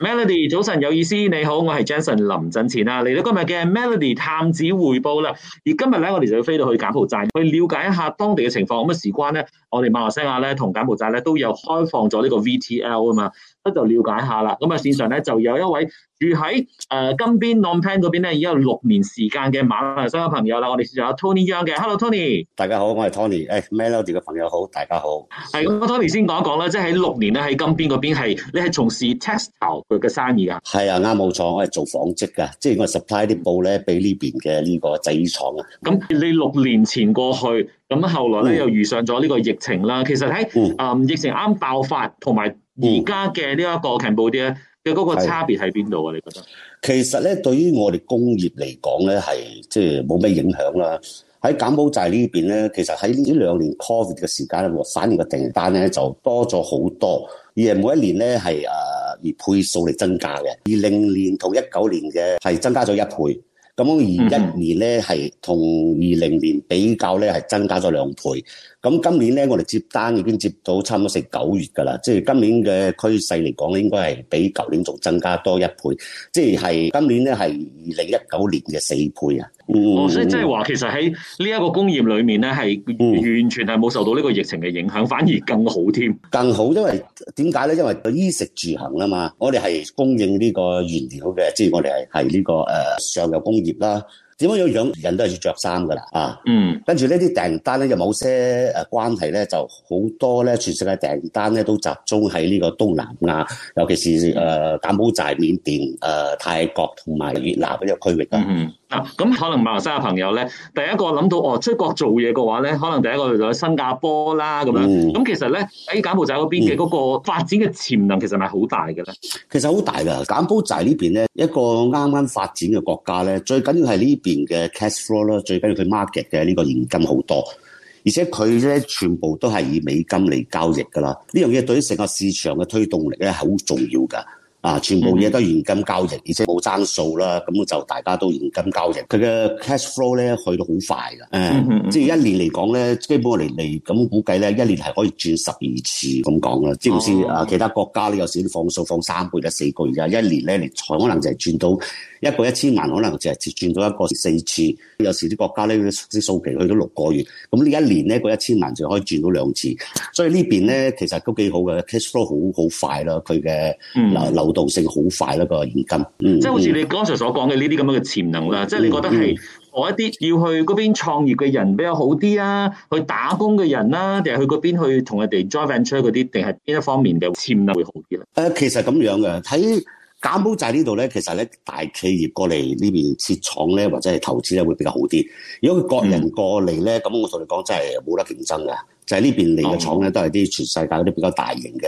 Melody，早晨有意思，你好，我係 Jason 林振前啊，嚟到今日嘅 Melody 探子回報啦。而今日咧，我哋就要飛到去柬埔寨去了解一下當地嘅情況。咁啊，事關咧，我哋馬來西亞咧同柬埔寨咧都有開放咗呢個 VTL 啊嘛，咁就了解下啦。咁啊，線上咧就有一位住喺誒金邊 n o n g t a n 嗰邊咧，已經有六年時間嘅馬來西亞朋友啦。我哋試下 Tony Zhang 嘅，Hello Tony。大家好，我係 Tony、哎。誒，Melody 嘅朋友好，大家好。係，我 Tony 先講一講啦，即係喺六年咧喺金邊嗰邊係你係從事 textile 佢嘅生意啊？係啊，啱冇錯，我係做紡織㗎，即係我係 supply 啲布咧俾呢邊嘅呢個製衣廠啊。咁你六年前過去，咁後來咧、嗯、又遇上咗呢個疫情啦。其實喺啊、嗯嗯、疫情啱爆發同埋而家嘅呢一個 Cambodia 呢嘅嗰個差別喺邊度啊？你覺得其實咧，對於我哋工業嚟講咧，係即係冇咩影響啦。喺柬埔寨呢邊咧，其實喺呢兩年 COVID 嘅時間咧，反而嘅訂單咧就多咗好多，而係每一年咧係誒以倍數嚟增加嘅。二零年同一九年嘅係增加咗一倍，咁二一年咧係同二零年比較咧係增加咗兩倍。咁今年咧，我哋接單已經接到差唔多成九月㗎喇，即係今年嘅趨勢嚟講，應該係比舊年仲增加多一倍，即係今年咧係二零一九年嘅四倍啊！哦，所以即係話其實喺呢一個工業裏面咧，係完全係冇受到呢個疫情嘅影響，反而更好添。更好，因為點解咧？因為衣食住行啊嘛，我哋係供應呢個原料嘅，即係我哋係係呢個誒上游工業啦。點樣樣樣人都係要着衫噶啦啊！嗯，跟住呢啲訂單咧，有某些誒關係咧，就好多咧，全世界訂單咧都集中喺呢個東南亞，尤其是誒柬埔寨、緬甸、誒、呃、泰國同埋越南呢個區域啊。嗯嗯咁、嗯嗯、可能馬來西亞朋友咧，第一個諗到哦出國做嘢嘅話咧，可能第一個去到新加坡啦咁樣。咁其實咧喺柬埔寨嗰邊嘅嗰個發展嘅潛能其實係咪好大嘅咧？嗯。其實好大噶，柬埔寨呢邊咧一個啱啱發展嘅國家咧，最緊要係呢邊嘅 cash flow 啦，最緊要佢 market 嘅呢個現金好多，而且佢咧全部都係以美金嚟交易噶啦。呢樣嘢對於成個市場嘅推動力咧係好重要㗎。啊！全部嘢都現金交易，而且冇爭數啦，咁就大家都現金交易。佢嘅 cash flow 咧去到好快㗎，誒、啊，即係、mm hmm. 一年嚟講咧，基本我嚟嚟，咁估計咧一年係可以轉十二次咁講啦。即係唔似啊，知知 oh, 其他國家咧有時放數放三倍咧四倍㗎，一年咧嚟，可能就係轉到一個一千萬，可能就係轉到一個四次。有時啲國家咧啲數期去到六個月，咁呢一年咧個一千萬就可以轉到兩次。所以呢邊咧其實都幾好嘅 cash flow，好好快啦，佢嘅流流、mm。Hmm. 流動性好快啦、啊，個現金，嗯、即係好似你剛才所講嘅呢啲咁樣嘅潛能啦，嗯、即係你覺得係我一啲要去嗰邊創業嘅人比較好啲啊，去打工嘅人啦、啊，定係去嗰邊去同人哋 join venture 嗰啲，定係邊一方面嘅潛能會好啲咧？誒，其實咁樣嘅，喺柬埔寨呢度咧，其實咧大企業過嚟呢邊設廠咧，或者係投資咧，會比較好啲。如果佢個人過嚟咧，咁、嗯、我同你講，真係冇得競爭㗎！就係呢邊嚟嘅廠咧，都係啲全世界嗰啲比較大型嘅。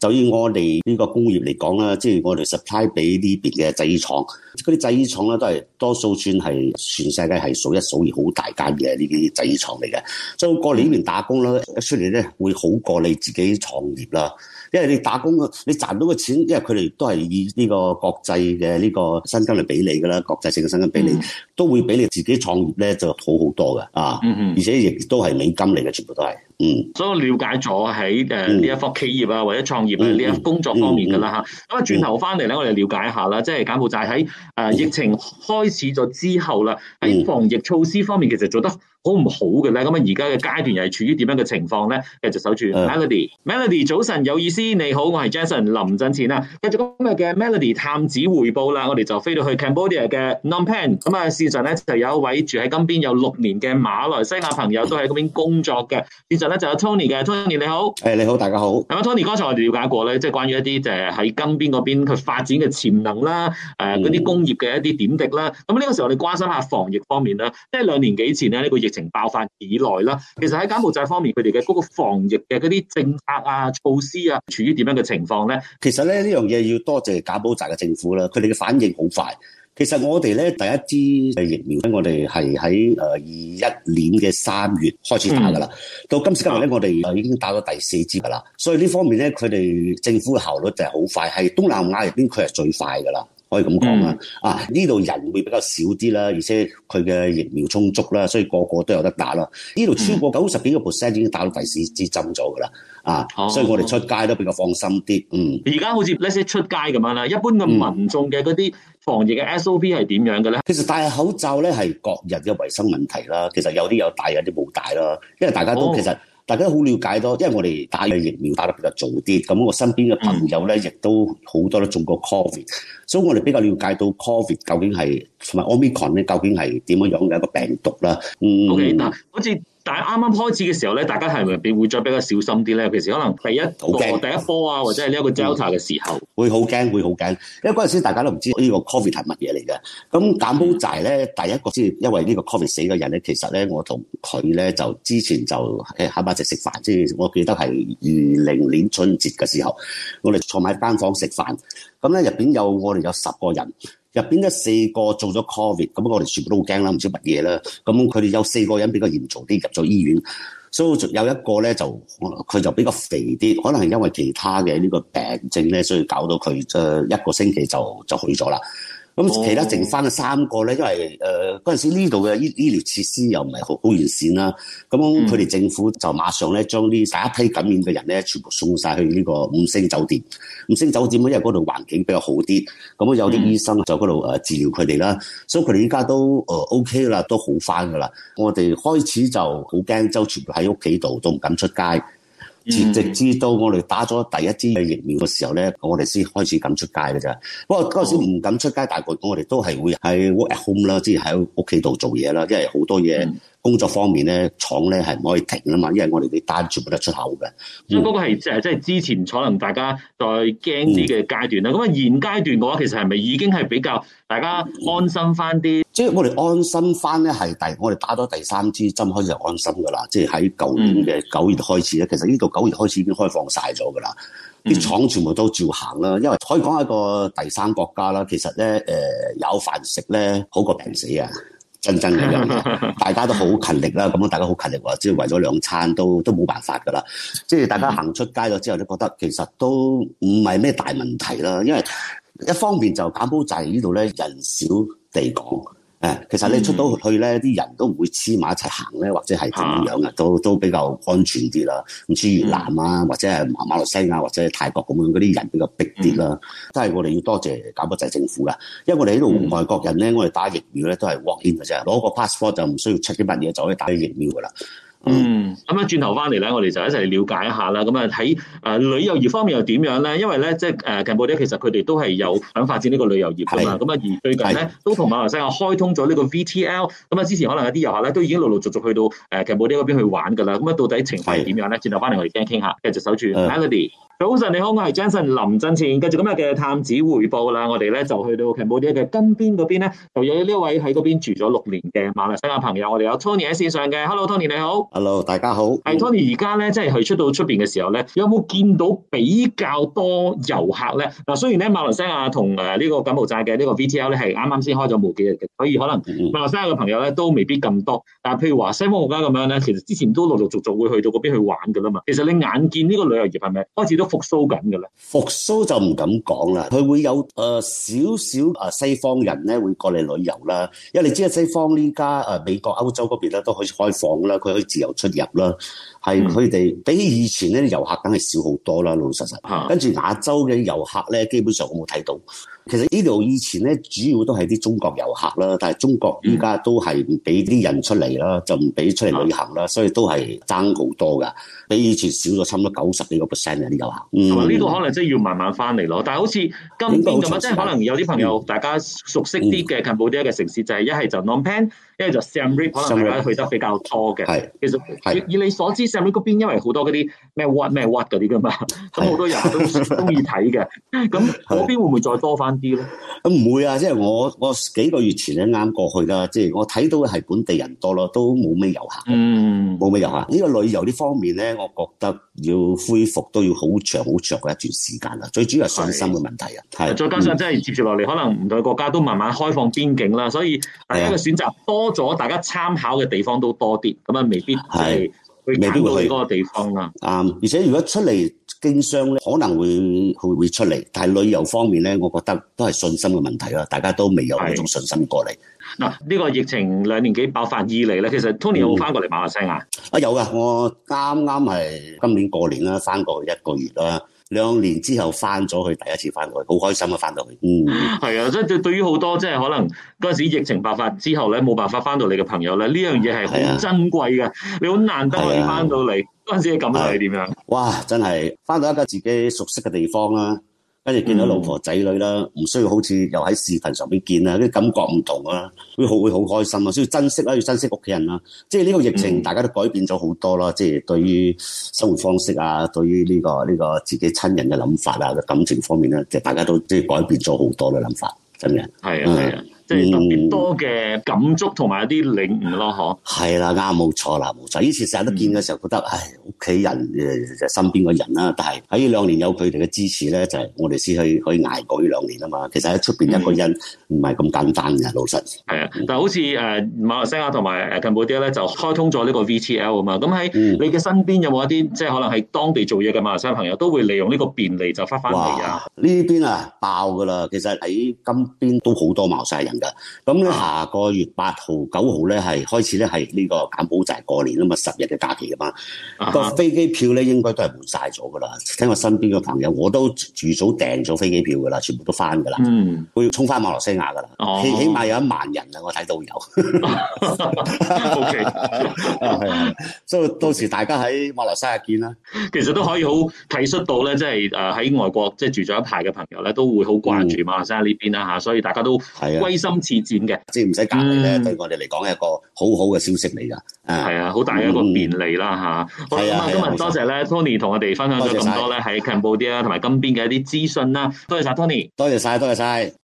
就以我哋呢個工業嚟講啦，即係我哋 supply 俾呢邊嘅製衣廠，嗰啲製衣廠咧都係多數算係全世界係數一數二好大間嘅呢啲製衣廠嚟嘅。所以過嚟呢邊打工啦，一出嚟咧會好過你自己創業啦。因為你打工你賺到嘅錢，因為佢哋都係以呢個國際嘅呢個薪金嚟俾你㗎啦，國際性嘅薪金俾你，都會比你自己創業咧就好好多嘅啊。而且亦都係美金嚟嘅，全部都係。嗯，所以我了解咗喺誒呢一科企業啊，或者創業啊呢一工作方面噶啦吓，咁啊轉頭翻嚟咧，我哋了解一下啦，即係柬埔寨喺誒疫情開始咗之後啦，喺防疫措施方面其實做得好唔好嘅咧？咁啊，而家嘅階段又係處於點樣嘅情況咧？繼續守住 Melody，Melody、uh, Mel 早晨有意思，你好，我係 Jason 林振前啦。繼續今日嘅 Melody 探子回報啦，我哋就飛到去 Cambodia 嘅 Phnom Penh。咁啊，事實咧就有一位住喺金邊有六年嘅馬來西亞朋友，都喺嗰邊工作嘅。事實咧就有 Tony 嘅，Tony 你好，誒、uh, 你好，大家好。咁啊，Tony，剛才我哋了解過咧，即係關於一啲就係喺金邊嗰邊佢發展嘅潛能啦，誒嗰啲工業嘅一啲點滴啦。咁、呃、uh, 呢個時候我哋關心下防疫方面啦，即係兩年幾前咧呢個疫情。疫情爆發以來啦，其實喺柬埔寨方面，佢哋嘅嗰個防疫嘅嗰啲政策啊、措施啊，處於點樣嘅情況咧？其實咧呢樣嘢要多謝柬埔寨嘅政府啦，佢哋嘅反應好快。其實我哋咧第一支嘅疫苗咧，我哋係喺誒二一年嘅三月開始打噶啦，嗯、到今時今日咧，嗯、我哋已經打到第四支噶啦。所以呢方面咧，佢哋政府嘅效率就係好快，係東南亞入邊佢係最快噶啦。可以咁講啦，嗯、啊呢度人會比較少啲啦，而且佢嘅疫苗充足啦，所以個個都有得打啦。呢度超過九十幾個 percent、嗯、已經打到第四支針咗噶啦，啊，哦、所以我哋出街都比較放心啲。嗯，而家好似呢啲出街咁樣啦，一般嘅民眾嘅嗰啲防疫嘅 SOP 係點樣嘅咧？嗯嗯、其實戴口罩咧係各人嘅衞生問題啦，其實有啲有戴，有啲冇戴啦，因為大家都其實、哦。大家都好了解多，因為我哋打嘅疫苗打得比較早啲，咁我身邊嘅朋友咧，亦、嗯、都好多都中過 Covid，所以我哋比較了解到 Covid 究竟係同埋 Omicron 咧究竟係點樣樣嘅一個病毒啦。嗯，okay。好似。但係啱啱開始嘅時候咧，大家係咪會再比較小心啲咧？其實可能第一第一波啊，或者係呢一個 Delta 嘅時候，會好驚，會好驚。因為嗰陣時大家都唔知個呢個 COVID 係乜嘢嚟嘅。咁柬埔寨咧，第一個知因為呢個 COVID 死嘅人咧，其實咧我同佢咧就之前就喺埋一齊食飯先。我記得係二零年春節嘅時候，我哋坐埋單房食飯。咁咧入邊有我哋有十個人。入邊咧四個做咗 COVID，咁我哋全部都好驚啦，唔知乜嘢啦。咁佢哋有四個人比較嚴重啲入咗醫院，所、so, 以仲有一個咧就佢就比較肥啲，可能係因為其他嘅呢個病症咧，所以搞到佢誒一個星期就就去咗啦。咁、哦、其他剩翻三個咧，因為誒嗰陣時呢度嘅醫醫療設施又唔係好好完善啦，咁佢哋政府就馬上咧將呢第一批感染嘅人咧，全部送晒去呢個五星酒店。五星酒店因為嗰度環境比較好啲，咁有啲醫生就嗰度誒治療佢哋啦，嗯、所以佢哋而家都誒、呃、OK 啦，都好翻噶啦。我哋開始就好驚，就全部喺屋企度，都唔敢出街。嗯、直至到我哋打咗第一支嘅疫苗嘅時候咧，我哋先開始敢出街嘅咋。不過嗰陣時唔敢出街，大概我哋都係會喺 work at home 啦，即係喺屋企度做嘢啦，因為好多嘢、嗯。工作方面咧，廠咧係唔可以停啊嘛，因為我哋啲單全部得出口嘅，嗯、所以嗰個係即係之前可能大家再驚啲嘅階段啦。咁啊，嗯、現階段嘅話，其實係咪已經係比較大家安心翻啲？即係、嗯嗯嗯、我哋安心翻咧，係第我哋打咗第三支針開始就安心噶啦。即係喺舊年嘅九月開始咧，嗯、其實呢度九月開始已經開放晒咗噶啦，啲廠全部都照行啦、啊。因為可以講一個第三個國家啦，其實咧誒有飯食咧，好過病死啊。真真嘅，大家都好勤力啦，咁樣，大家好勤力，即係為咗兩餐都都冇辦法噶啦，即係大家行出街咗之後，都覺得其實都唔係咩大問題啦，因為一方面就柬埔寨呢度咧，人少地廣。誒，其實你出到去咧，啲人都唔會黐埋一齊行咧，或者係點樣嘅，啊、都都比較安全啲啦。唔似越南啊，或者係馬馬來西亞或者泰國咁樣嗰啲人比較逼啲啦。都係、嗯、我哋要多謝柬埔寨政府噶，因為我哋喺度外國人咧，我哋打疫苗咧都係 walk in 嘅啫，攞個 passport 就唔需要出千八嘢就可以打疫苗噶啦。嗯，咁啊轉頭翻嚟咧，我哋就一齊了解一下啦。咁啊喺誒旅遊業方面又點樣咧？因為咧即係誒柬埔寨其實佢哋都係有想發展呢個旅遊業噶嘛。咁啊是而最近咧是都同馬來西亞開通咗呢個 VTL。咁啊之前可能有啲遊客咧都已經陸陸續續去到誒柬埔寨嗰邊去玩㗎啦。咁啊到底情況係點樣咧？轉頭翻嚟我哋傾一傾下。繼續守住 Melody。早晨，你好，我係張振林、張振前，繼續今日嘅探子回報啦。我哋咧就去到柬埔寨嘅金邊嗰邊咧，就有呢位喺嗰邊住咗六年嘅馬來西亞朋友。我哋有 Tony 喺線上嘅，Hello，Tony 你好。Hello，大家好。係 Tony，而家咧即係去出到出邊嘅時候咧，有冇見到比較多遊客咧？嗱，雖然咧馬來西亞同誒呢個柬埔寨嘅呢個 VTL 咧係啱啱先開咗冇幾日嘅，所以可能馬來西亞嘅朋友咧都未必咁多。但係譬如話西方國家咁樣咧，其實之前都陸陸續續會去到嗰邊去玩噶啦嘛。其實你眼見呢個旅遊業係咪開始都？復甦緊嘅咧，復甦就唔敢講啦。佢會有誒少少啊，呃、小小西方人咧會過嚟旅遊啦。因為你知啊，西方呢家誒美國、歐洲嗰邊咧都可以開放啦，佢可以自由出入啦。係，佢哋比起以前啲遊客梗係少好多啦，老老實實。跟住亞洲嘅遊客咧，基本上我冇睇到。其實呢度以前咧，主要都係啲中國遊客啦，但係中國依家都係唔俾啲人出嚟啦，就唔俾出嚟旅行啦，嗯、所以都係爭好多噶，比以前少咗差唔多九十幾個 percent 嘅啲遊客。同埋呢度可能真係要慢慢翻嚟咯。但係好似今年咁樣，即係可能有啲朋友大家熟悉啲嘅柬埔寨嘅城市就就，就係一係就 Phnom Penh，一係就 Siem Reap，可能大家去得比較多嘅。係，其實以你所知，Siem Reap 嗰邊因為好多嗰啲咩 what 咩 what 嗰啲噶嘛，咁 好多人都中意睇嘅，咁 嗰邊會唔會再多翻？啲咯，咁唔會啊！即係我我幾個月前咧啱過去啦，即係我睇到係本地人多咯，都冇咩遊客，嗯，冇咩遊客。呢個旅遊呢方面咧，我覺得要恢復都要好長好長嘅一段時間啦。最主要係信心嘅問題啊。係，再加上即係接住落嚟，可能唔同嘅國家都慢慢開放邊境啦，所以大家嘅選擇多咗，大家參考嘅地方都多啲，咁啊，未必係未必會去嗰個地方啦。啊，而且如果出嚟，經商咧可能會會會出嚟，但係旅遊方面咧，我覺得都係信心嘅問題啦。大家都未有呢種信心過嚟。嗱，呢、啊這個疫情兩年幾爆發以嚟咧，其實 Tony 有翻過嚟馬來西亞？啊，有啊，我啱啱係今年過年啦，翻過去一個月啦，兩年之後翻咗去第一次翻到嚟，好開心啊，翻到去，嗯，係啊、就是，即係對於好多即係可能嗰陣時疫情爆發之後咧，冇辦法翻到你嘅朋友咧，呢樣嘢係好珍貴嘅，的你好難得可以翻到嚟的。嗰陣感覺係點樣？哇！真係翻到一個自己熟悉嘅地方啦、啊，跟住見到老婆仔女啦，唔、嗯、需要好似又喺視頻上邊見啊，跟住感覺唔同啊，會好會好開心啊，需要珍惜啦，要珍惜屋企人啦、啊。即係呢個疫情，大家都改變咗好多啦。即係、嗯、對於生活方式啊，嗯、對於呢、這個呢、這個自己親人嘅諗法啊，感情方面咧、啊，即、就、係、是、大家都即係改變咗好多嘅諗法，真嘅。係啊！係、嗯、啊！即係特別多嘅感觸同埋一啲領悟咯，嗬、嗯。係啦，啱冇錯啦，冇錯。以前成日都見嘅時候，覺得唉，屋企人誒身邊嘅人啦，但係喺呢兩年有佢哋嘅支持咧，就係、是、我哋先去可以捱過呢兩年啊嘛。其實喺出邊一個人唔係咁簡單嘅，嗯、老實。的嗯。但係好似誒馬來西亞同埋誒柬埔寨咧，就開通咗呢個 VTL 啊嘛。咁喺你嘅身邊有冇一啲即係可能係當地做嘢嘅馬來西亞朋友都會利用呢個便利就翻返嚟啊？呢邊啊爆㗎啦！其實喺金邊都好多馬來西亞人。咁下個月八號、九號咧，係開始咧，係呢個柬埔寨過年啊嘛，十日嘅假期啊嘛，個飛機票咧應該都係換晒咗噶啦。聽我身邊嘅朋友，我都預早訂咗飛機票噶啦，全部都翻噶啦，嗯，要衝翻馬來西亞噶啦，起起碼有一萬人啊，我睇到有 OK，係啊，所以到時大家喺馬來西亞見啦。其實都可以好提出到咧，即係誒喺外國即係住咗一排嘅朋友咧，都會好關注馬來西亞呢邊啦嚇，所以大家都歸心。今次戰嘅，即係唔使隔離咧，嗯、對我哋嚟講係一個好好嘅消息嚟㗎。啊，係啊，好大嘅一個便利啦吓，嗯、好咁啊，今日多，多謝咧，Tony 同我哋分享咗咁多咧喺柬埔寨啲啦，同埋金邊嘅一啲資訊啦。多謝晒 Tony，多謝晒，多謝晒。